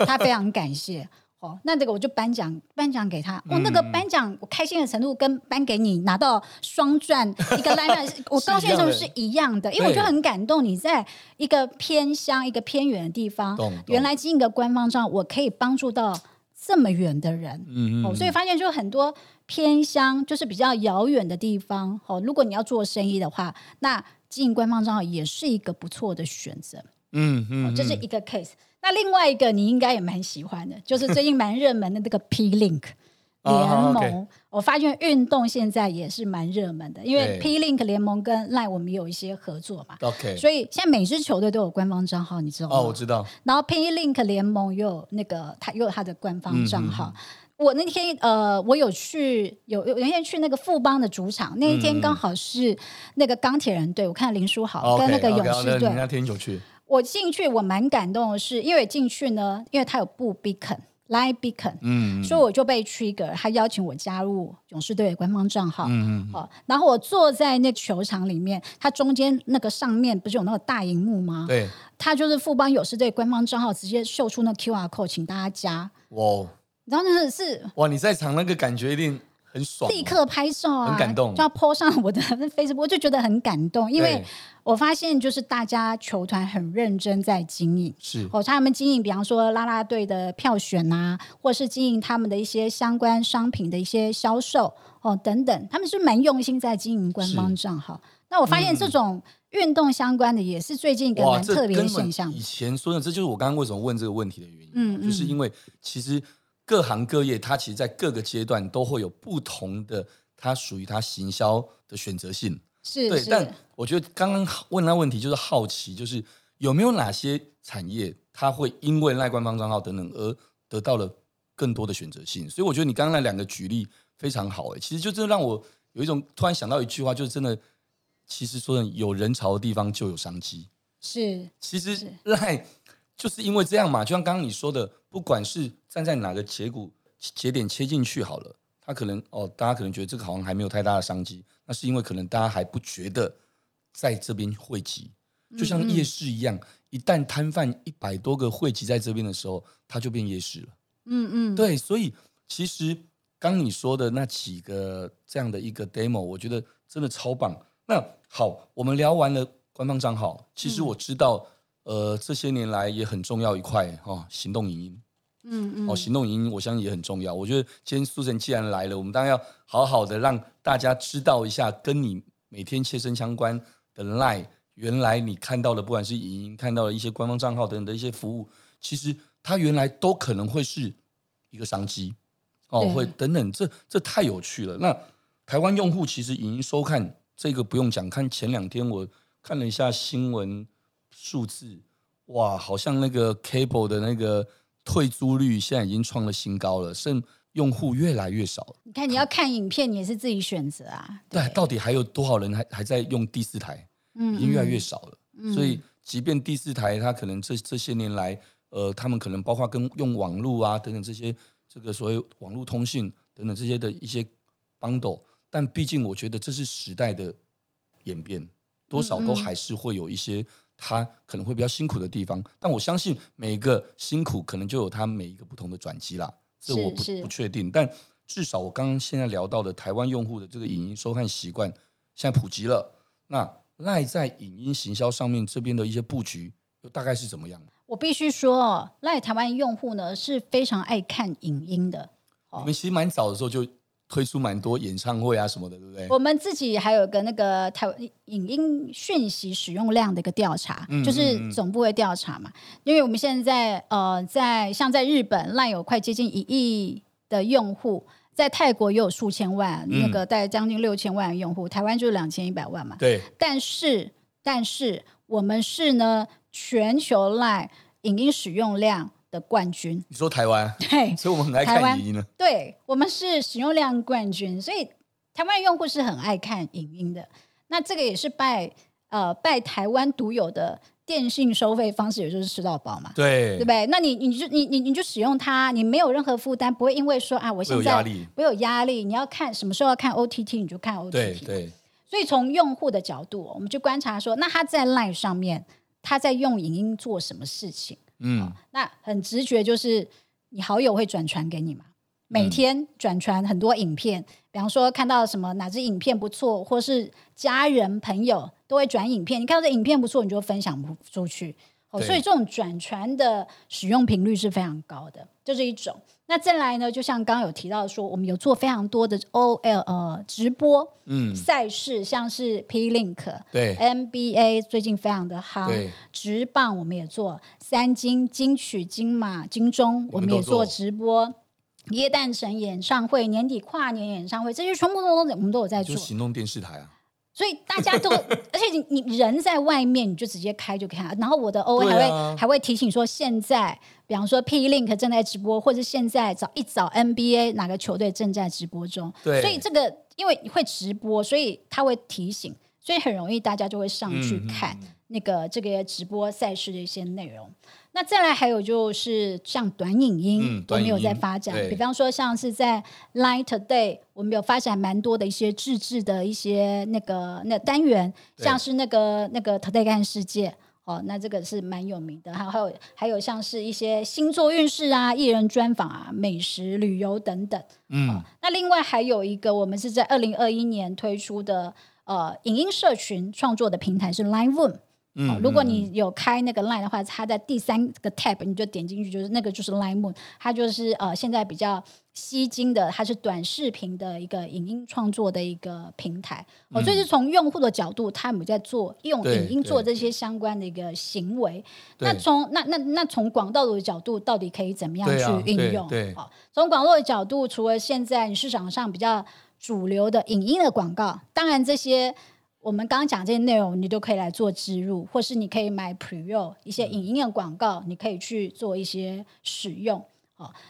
他非常感謝。 哦，那這個我就頒獎，頒獎給他。哦，那個頒獎我開心的程度跟頒給你拿到雙鑽一個 LINE 我高興程度是一樣的，樣的，因為我就很感動。對你在一個偏鄉，一個偏遠的地方，對原來經營的官方賬號，我可以幫助到這麼遠的人。嗯嗯、哦。所以發現就很多偏鄉，就是比較遙遠的地方。哦，如果你要做生意的話，那經營官方賬號也是一個不錯的選擇。嗯嗯、哦，這是一個 case。那另外一個你應該也蠻喜歡的，就是最近蠻熱門的那個 P Link 聯盟。哦 okay、我發現運動現在也是蠻熱門的，因為 P Link 聯盟跟 LINE 我們有一些合作嘛。OK，所以現在每支球隊都有官方賬號，你知道嗎？哦，我知道。然後 P Link 聯盟又有那個他也有他的官方賬號。嗯嗯、我那天呃，我有去有有那天去那個富邦的主場，那一天剛好是那個鋼鐵人隊，我看林書豪、嗯、跟那個勇士隊，那天有去我進去，我蠻感動的是，因為進去呢，因為他有布 beacon, beacon、LINE beacon，嗯，嗯，嗯、所以我就被 trigger，他邀請我加入勇士隊的官方賬號，嗯嗯，嗯，好、哦，然後我坐在那球場裡面，他中間那個上面不是有那個大螢幕嗎？對，他就是富邦勇士隊官方賬號直接秀出那 QR code，請大家加。哇、哦，然後真的是哇，你在場那個感覺一定。很爽，立刻拍照，啊，很感動，就要 po 上我的 Facebook，我就覺得很感動，因為我發現就是大家球團很認真在經營，是哦，他們經營，比方說啦啦隊的票選啊，或是經營他們的一些相關商品的一些銷售哦等等，他們是蠻用心在經營官方賬號。是那我發現這種運動相關的也是最近一個蠻，哇蠻特別的現象。以前說的，這就是我剛剛為什麼問這個問題的原因，嗯，嗯，就是因為其實。各行各業，它其實，在各個階段都會有不同的，它屬於它行銷的選擇性，是對。是但我覺得剛剛問那問題就是好奇，就是有沒有哪些產業，它會因為賴官方賬號等等而得到了更多的選擇性？所以我覺得你剛剛那兩個舉例非常好，欸，哎，其實就真的讓我有一種突然想到一句話，就是真的，其實說的有人潮的地方就有商機，是。其實，是，賴就是因為這樣嘛，就像剛剛你說的，不管是。站在哪個節骨節點切進去好了，他可能哦，大家可能覺得這個好像還沒有太大的商機，那是因為可能大家還不覺得在這邊匯集，就像夜市一樣，嗯嗯，一旦攤販一百多個匯集在這邊的時候，他就變夜市了。嗯嗯，對，所以其實剛你說的那幾個這樣的一個 demo，我覺得真的超棒。那好，我們聊完了官方賬號，其實我知道，嗯、呃，這些年來也很重要一塊啊、哦，行動影音。嗯嗯，哦，行動影音我相信也很重要。我覺得今天 Susan 既然來了，我們當然要好好的讓大家知道一下，跟你每天切身相關的 LINE，原來你看到的，不管是影音看到的一些官方賬號等等的一些服務，其實它原來都可能會是一個商機對哦，會等等，這這太有趣了。那台灣用戶其實影音收看這個不用講，看前兩天我看了一下新聞數字，哇，好像那個 Cable 的那個。退租率現在已經創了新高了，剩用戶越來越少。你看，你要看影片，他你也是自己選擇啊。對，對到底還有多少人還還在用第四台？嗯，已經越來越少了。嗯、所以，即便第四台，它可能這這些年來，呃，他們可能包括跟用網絡啊等等這些，這個所謂網絡通訊等等這些的一些 bundle，但畢竟我覺得這是時代的演變，多少都還是會有一些。嗯嗯他可能會比較辛苦的地方，但我相信每一個辛苦可能就有他每一個不同的轉機啦。是這我不是不確定，但至少我剛剛現在聊到的台灣用戶的這個影音收看習慣、嗯、現在普及了。那 LINE 在影音行銷上面這邊的一些布局，又大概是怎麼樣？我必須說，LINE 台灣用戶呢是非常愛看影音的。我們其實蠻早的時候就。推出蠻多演唱會啊什麼的，對不對？我們自己還有一個那個台灣影音訊息使用量的一個調查，嗯嗯嗯、就是總部會調查嘛。因為我們現在呃在像在日本，LINE 有快接近一億的用戶，在泰國也有數千萬，那個大概將近六千萬的用戶，嗯、台灣就是兩千一百萬嘛。對但，但是但是我們是呢，全球 LINE 影音使用量的冠軍，你說台灣？對，所以我們很愛看台灣影音呢。對，我們是使用量冠軍，所以台灣的用戶是很愛看影音的。那這個也是拜呃拜台灣獨有的電信收費方式，也就是吃到飽嘛，對，對不對？那你你就你你你就使用它，你沒有任何負擔，不會因為說啊我現在我有，有壓力，你要看什麼時候要看 OTT，你就看 OTT。對對。對，所以從用戶的角度，我們去觀察說，那他在 LINE 上面，他在用影音做什麼事情？嗯、哦，那很直覺就是你好友會轉傳給你嘛。每天轉傳很多影片，嗯、比方說看到什麼哪支影片不錯，或是家人朋友都會轉影片。你看到這影片不錯，你就分享不出去，哦、對所以這種轉傳的使用頻率是非常高的，就是一種。那再來呢？就像剛剛有提到說，我們有做非常多的 O L 呃，直播，嗯，賽事，像是 P Link，對 N B A，最近非常的夯，對，職棒我們也做，三金金曲、金馬、金鐘，我們也做直播，耶誕神演唱會、年底跨年演唱會，這些全部都我們都有在做，就行動電視台啊。所以大家都， 而且你你人在外面，你就直接開就可以。然後我的 O A 還會、啊、還會提醒說，現在比方說 P Link 正在直播，或者是現在早一早 NBA 哪個球隊正在直播中。對，所以這個因為會直播，所以他會提醒，所以很容易大家就會上去看那個、嗯哼那個、這個直播賽事的一些內容。那再來還有就是像短影音我們、嗯、有在發展，對比方說像是在 Line Today，我們有發展蠻多的一些自製的一些那個那個單元，對像是那個那個 Today 看世界哦，那這個是蠻有名的。還有還有還有像是一些星座運勢啊、藝人專訪啊、美食旅遊等等。嗯、哦，那另外還有一個，我們是在二零二一年推出的呃，影音社群創作的平台是 LINE VOOM。嗯哦、如果你有開那個 LINE 的話，它在第三個 tab 你就點進去，就是那個就是 LINE Moon，它就是呃現在比較吸睛的，它是短視頻的一個影音創作的一個平台。嗯哦、所以是從用戶的角度，他們在做用影音做這些相關的一個行為。那從那那那從廣告的角度，到底可以怎麼樣去運用？好、啊哦，從廣告的角度，除了現在市場上比較主流的影音的廣告，當然這些。我們剛剛講這些內容，你都可以來做植入，或是你可以買 pre-roll 一些影音的廣告，嗯、你可以去做一些使用。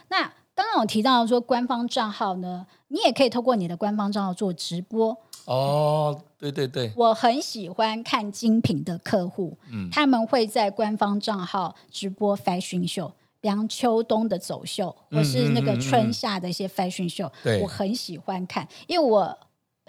那剛剛我提到說官方賬號呢，你也可以透過你的官方賬號做直播。哦，對對對，我很喜歡看精品的客戶，嗯、他們會在官方賬號直播 fashion show，比方秋冬的走秀，或是那個春夏的一些 fashion show，嗯嗯嗯、對，我很喜歡看，因為我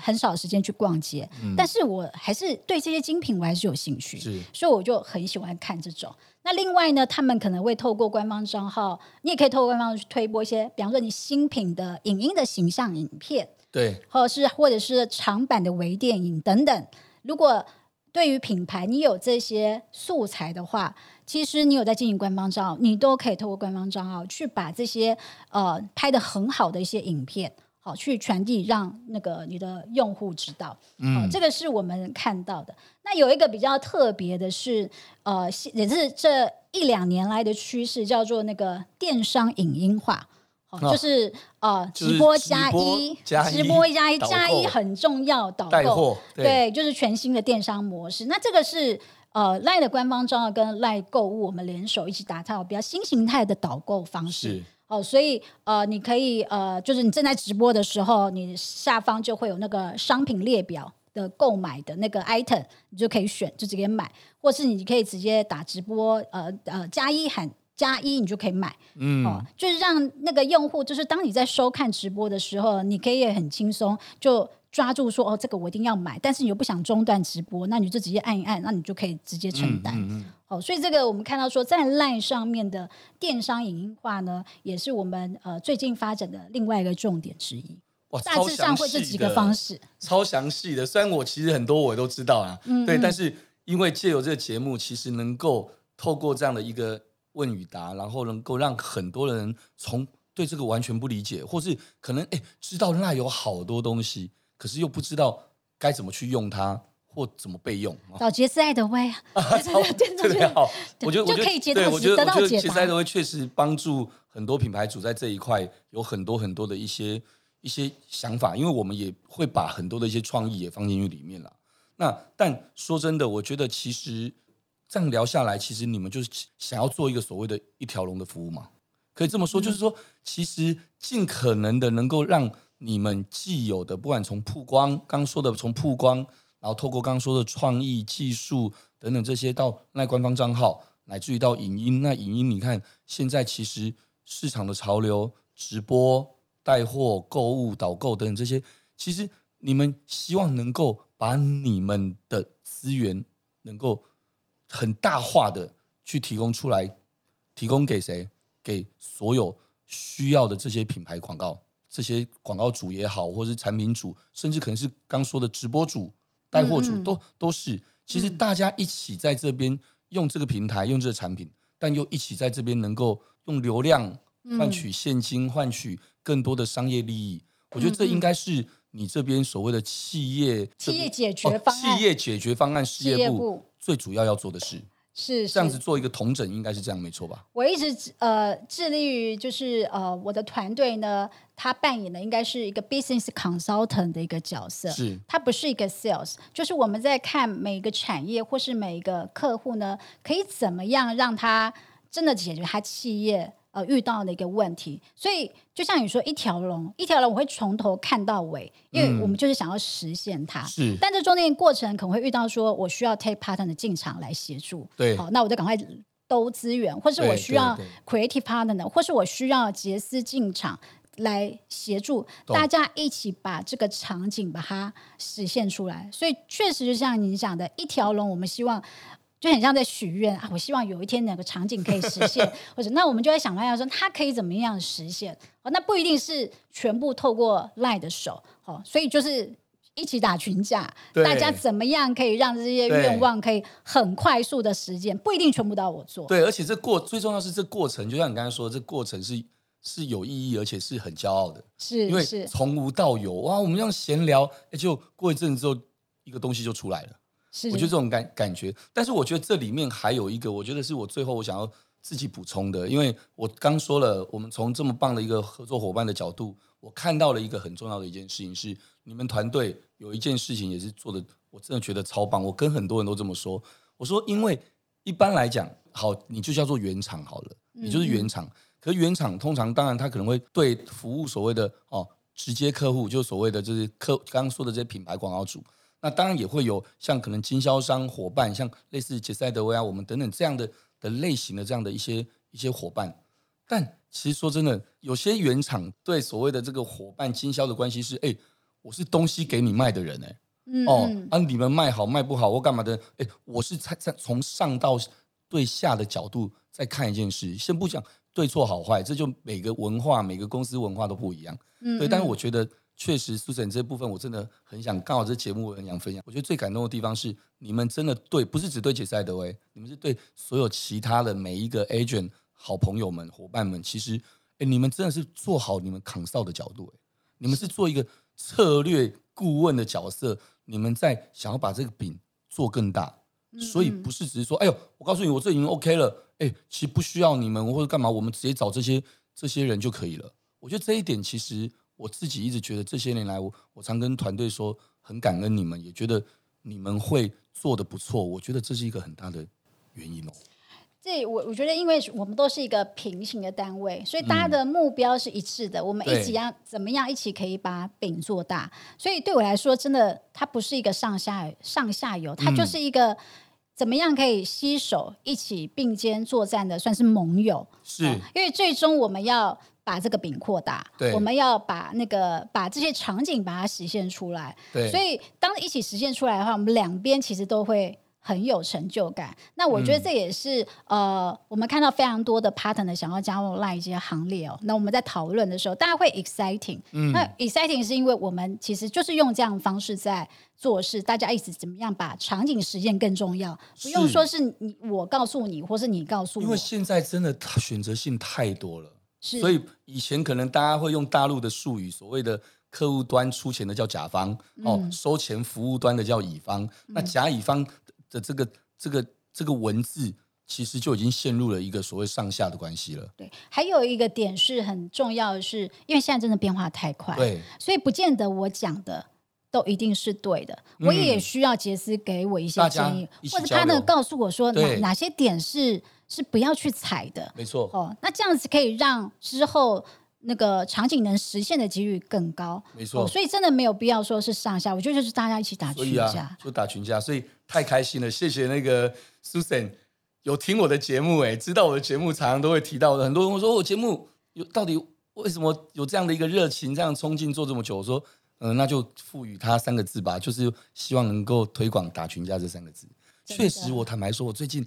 很少時間去逛街，嗯、但是我還是對這些精品我還是有興趣，是所以我就很喜歡看這種。那另外呢，他們可能會透過官方賬號，你也可以透過官方去推播一些，比方說你新品的影音的形象影片，對，或者是或者是長版的微電影等等。如果對於品牌你有這些素材的話，其實你有在進行官方賬號，你都可以透過官方賬號去把這些呃拍得很好的一些影片。好，去傳遞讓那個你的用戶知道，嗯，好，這個是我們看到的。那有一個比較特別的是，呃，也是這一兩年來的趨勢，叫做那個電商影音化，好，就是呃，直播加一，直播加一加一很重要，導購，對，就是全新的電商模式。那這個是呃，LINE 的官方賬號跟 LINE 購物我們聯手一起打造比較新形態的導購方式。哦，所以呃，你可以呃，就是你正在直播的時候，你下方就會有那個商品列表的購買的那個 item，你就可以選，就直接買，或是你可以直接打直播，呃呃，加一喊加一，你就可以買，嗯，哦，就是讓那個用戶，就是當你在收看直播的時候，你可以也很輕鬆就。抓住說哦，這個我一定要買，但是你又不想中斷直播，那你就直接按一按，那你就可以直接承擔。好、嗯嗯哦，所以這個我們看到說，在 LINE 上面的電商影音化呢，也是我們呃最近發展的另外一個重點之一。哇，超詳細的，大致上會是幾個方式超詳細的。雖然我其實很多我都知道啊，嗯、對，但是因為借由這個節目，其實能夠透過這樣的一個問與答，然後能夠讓很多人從對這個完全不理解，或是可能哎知道那有好多東西。可是又不知道該怎麼去用它，或怎麼被用。找傑思愛德威啊，真的特別好，我覺得我可以接到、得到解答。傑思愛德威確實幫助很多品牌主在這一塊有很多很多的一些一些想法，因為我們也會把很多的一些創意也放進去裡面了。那但說真的，我覺得其實這樣聊下來，其實你們就是想要做一個所謂的一條龍的服務嘛？可以這麼說，就是說其實盡可能的能夠讓。你們既有的，不管從曝光，剛說的從曝光，然後透過剛剛說的創意、技術等等這些，到那官方賬號，乃至於到影音，那影音，你看現在其實市場的潮流，直播帶貨、購物、導購等等這些，其實你們希望能夠把你們的資源能夠很大化的去提供出來，提供給誰？給所有需要的這些品牌廣告。這些廣告主也好，或是產品主，甚至可能是剛說的直播主、帶貨主，嗯、都都是。其實大家一起在這邊用這個平台、用這個產品，但又一起在這邊能夠用流量換取現金，嗯、換取更多的商業利益。我覺得這應該是你這邊所謂的企業企業解決方案、哦、企業解決方案事業部最主要要做的事。是，是這樣子做一個統整，應該是這樣，沒錯吧？我一直呃致力於就是呃我的團隊呢，他扮演的應該是一個 business consultant 的一個角色，是，他不是一個 sales，就是我們在看每一個產業或是每一個客戶呢，可以怎麼樣讓他真的解決他企業。呃，遇到的一個問題，所以就像你說，一條龍，一條龍，我會從頭看到尾，因為我們就是想要實現它。嗯、是，但這中間過程可能會遇到，說我需要 take partner 的進場來協助，對，好，那我就趕快兜資源，或是我需要 creative partner，或是我需要傑思進場來協助，都大家一起把這個場景把它實現出來。所以，確實就像你講的，一條龍，我們希望。就很像在許願啊，我希望有一天哪個場景可以實現， 或者那我們就在想辦法說他可以怎麼樣實現哦，那不一定是全部透過 LINE 的手哦，所以就是一起打群架，對大家怎麼樣可以讓這些願望可以很快速的實現，對不一定全部都要我做。對，而且這過最重要的是這過程，就像你剛才說的，這過程是是有意義而且是很驕傲的，是因為從無到有哇，我們這樣閒聊、欸，就過一陣之後一個東西就出來了。是我覺得這種感感覺，但是我覺得這裡面還有一個，我覺得是我最後我想要自己補充的。因為我剛說了，我們從這麼棒的一個合作夥伴的角度，我看到了一個很重要的一件事情是，是你們團隊有一件事情也是做的，我真的覺得超棒。我跟很多人都這麼說，我說因為一般來講，好，你就叫做原廠好了，嗯嗯，你就是原廠。可是原廠通常當然，它可能會對服務所謂的哦，直接客戶，就所謂的就是客，剛剛說的這些品牌廣告主，那當然也會有像可能經銷商夥伴，像類似傑思愛德威啊，我們等等這樣的的類型的這樣的一些一些夥伴。但其實說真的，有些原廠對所謂的這個夥伴經銷的關係是：哎，我是東西給你賣的人，哎，哦啊，你們賣好賣不好我幹嘛的？哎，我是從從上到對下的角度在看一件事。先不講對錯好壞，這就每個文化、每個公司文化都不一樣。對，但是我覺得。確實，Susan 這部分我真的很想，剛好這節目我很想分享。我覺得最感動的地方是，你們真的對，不是只對傑思愛德威。你們是對所有其他的每一個 agent 好朋友們、伙伴們。其實，哎，你們真的是做好你們扛哨的角度、欸，你們是做一個策略顧問的角色，你們在想要把這個餅做更大，所以不是只是說，哎呦，我告訴你，我這已經 OK 了，哎，其實不需要你們或者幹嘛，我們直接找這些這些人就可以了。我覺得這一點其實。我自己一直覺得，這些年來我我常跟團隊說，很感恩你們，也覺得你們會做得不錯。我覺得這是一個很大的原因哦。這我我覺得，因為我們都是一個平行的單位，所以大家的目標是一致的。嗯、我們一起要對怎麼樣一起可以把餅做大？所以對我來說，真的它不是一個上下上下游，它就是一個怎麼樣可以攜手一起並肩作戰的，嗯、算是盟友。是、呃、因為最終我們要。把這個餅擴大，對，我們要把那個把這些場景把它實現出來。對，所以當一起實現出來的話，我們兩邊其實都會很有成就感。那我覺得這也是、嗯、呃，我們看到非常多的 partner 的想要加入那一些行列哦。那我們在討論的時候，大家會 exciting。嗯，那 exciting 是因為我們其實就是用這樣的方式在做事，大家一起怎麼樣把場景實現更重要，不用說是你是我告訴你，或是你告訴我，因為現在真的選擇性太多了。是所以以前可能大家會用大陸的術語，所謂的客戶端出錢的叫甲方，嗯、哦，收錢服務端的叫乙方。嗯、那甲乙方的這個這個這個文字，其實就已經陷入了一個所謂上下的關係了。對，還有一個點是很重要的是，是因為現在真的變化太快，對，所以不見得我講的都一定是對的。嗯、我也需要傑思給我一些建議，或者他呢告訴我說哪對哪些點是是不要去踩的，沒錯錯。哦，那這樣子可以讓之後那個場景能實現的幾率更高，沒錯錯、哦。所以真的沒有必要說是上下，我覺得就是大家一起打群架，啊、就打群架，所以太開心了。謝謝那個 Susan 有聽我的節目、欸，哎，知道我的節目常，常常都會提到的，很多人我說我節目有到底為什麼有這樣的一個熱情，這樣衝勁做這麼久？我說，嗯、呃，那就賦予他三個字吧，就是希望能夠推廣“打群架”這三個字。確的實，我坦白說，我最近。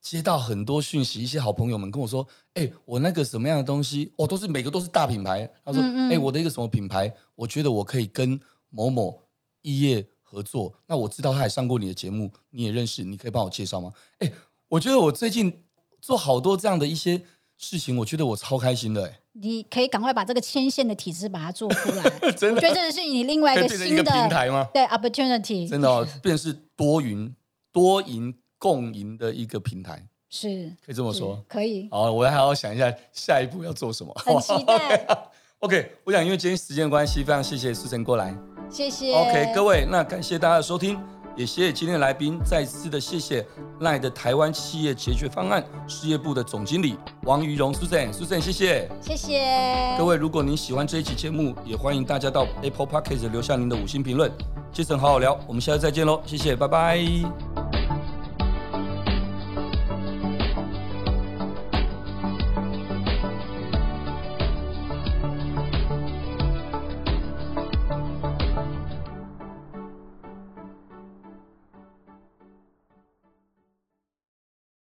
接到很多訊息，一些好朋友們跟我說：“哎、欸，我那個什麼樣的東西，哦，都是每個都是大品牌。”他說：“哎、嗯嗯欸，我的一個什麼品牌，我覺得我可以跟某某異業合作。”那我知道他也上過你的節目，你也認識，你可以幫我介紹嗎？哎、欸，我覺得我最近做好多這樣的一些事情，我覺得我超開心的、欸。哎，你可以趕快把這個牽線的體制把它做出來。 真的、啊，覺得這是你另外一個新的個平台嗎？對，Opportunity，真的哦，是變成是多雲多贏共贏的一個平台，是可以這麼說，可以。好，我還要好好想一下下一步要做什麼。很期待。Wow, okay. OK，我想因為今天時間關係，非常謝謝 Susan 過來。謝謝。OK，各位，那感謝大家的收聽，也謝謝今天的來賓，再次的謝謝 LINE 的台灣企業解決方案事業部的總經理王俞蓉 Susan，Susan，Susan, 謝謝謝謝各位。如果您喜歡這一期節目，也歡迎大家到 Apple Podcast 留下您的五星評論。傑思好好聊，我們下次再見嘍，謝謝，拜拜。